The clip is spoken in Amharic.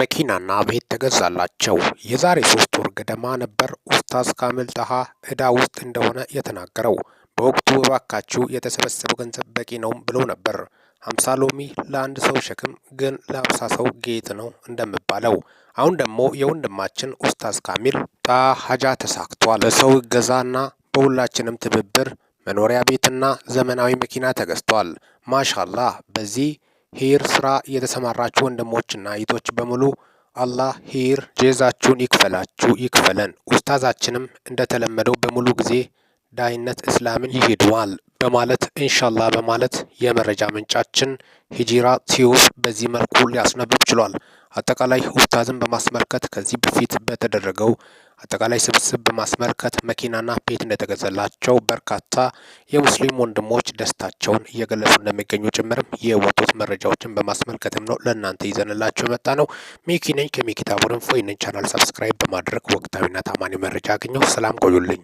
መኪናና ቤት ተገዛላቸው። የዛሬ ሶስት ወር ገደማ ነበር ኡስታዝ ካሚል ጣሃ እዳ ውስጥ እንደሆነ የተናገረው። በወቅቱ እባካችሁ የተሰበሰበው ገንዘብ በቂ ነው ብለው ነበር። ሀምሳ ሎሚ ለአንድ ሰው ሸክም ግን ለአምሳ ሰው ጌጥ ነው እንደሚባለው፣ አሁን ደግሞ የወንድማችን ኡስታዝ ካሚል ጣሃ ሀጃ ተሳክቷል። በሰው እገዛና በሁላችንም ትብብር መኖሪያ ቤትና ዘመናዊ መኪና ተገዝቷል። ማሻላህ በዚህ ሂር ስራ የተሰማራችሁ ወንድሞችና እህቶች በሙሉ አላህ ሂር ጄዛችሁን ይክፈላችሁ ይክፈለን። ኡስታዛችንም እንደተለመደው በሙሉ ጊዜ ዳይነት እስላምን ይሄድዋል በማለት እንሻላ በማለት የመረጃ ምንጫችን ሂጂራ ቲዩብ በዚህ መልኩ ሊያስነብብ ችሏል። አጠቃላይ ኡስታዝን በማስመልከት ከዚህ በፊት በተደረገው አጠቃላይ ስብስብ በማስመልከት መኪናና ቤት እንደተገዘላቸው በርካታ የሙስሊም ወንድሞች ደስታቸውን እየገለጹ እንደሚገኙ ጭምርም የወጡት መረጃዎችን በማስመልከትም ነው ለእናንተ ይዘንላቸው የመጣ ነው። ሚኪ ነኝ ከሚኪታ ፎይንን ቻናል ሰብስክራይብ በማድረግ ወቅታዊና ታማኒ መረጃ አግኘው። ሰላም ቆዩልኝ።